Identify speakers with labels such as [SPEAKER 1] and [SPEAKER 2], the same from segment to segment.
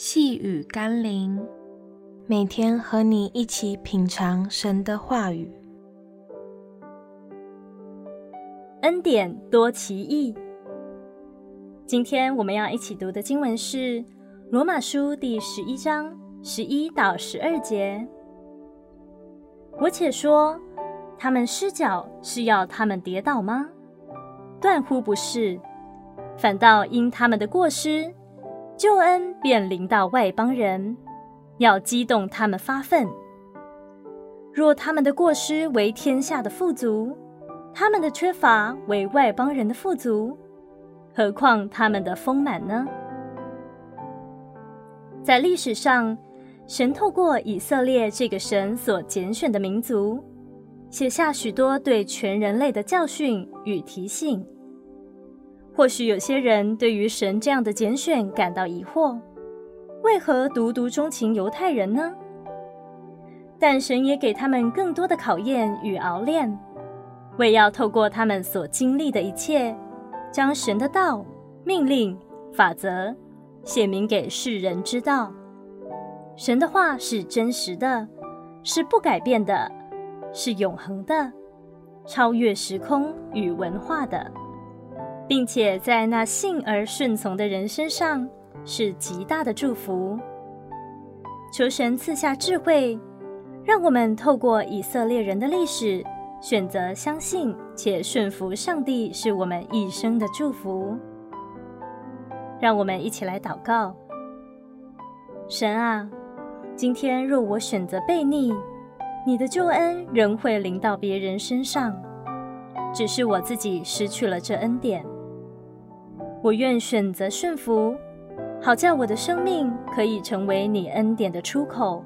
[SPEAKER 1] 細語甘霖，每天和你一起品嚐神的話語，恩典多奇異。今天我們要一起讀的經文是《羅馬書》第十一章十一到十二節。我且說，他們失腳是要他們跌倒嗎？斷乎不是，反倒因他們的過失，救恩便臨到外邦人，要激動他們發憤。若他們的過失為天下的富足，他們的缺乏為外邦人的富足，何況他們的豐滿呢？在歷史上，神透過以色列這個神所揀選的民族，寫下許多對全人類的教訓與提醒。或許有些人對於神這樣的揀選感到疑惑，為何獨獨鍾情猶太人呢？但神也給他們更多的考驗與熬煉，為要透過他們所經歷的一切，將神的道、命令、法則，顯明給世人知道。神的話是真實的，是不改變的，是永恆的，超越時空與文化的。並且在那信而順從的人身上，是極大的祝福。求神賜下智慧，讓我們透過以色列人的歷史，選擇相信且順服上帝，是我們一生的祝福。讓我們一起來禱告：神啊，今天若我選擇悖逆，你的救恩仍會臨到別人身上，只是我自己失去了這恩典。我願選擇順服，好叫我的生命，可以成為你恩典的出口。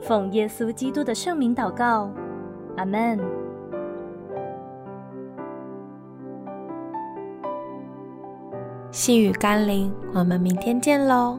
[SPEAKER 1] 奉耶穌基督的聖名禱告，阿門。細語甘霖，我們明天見嘍。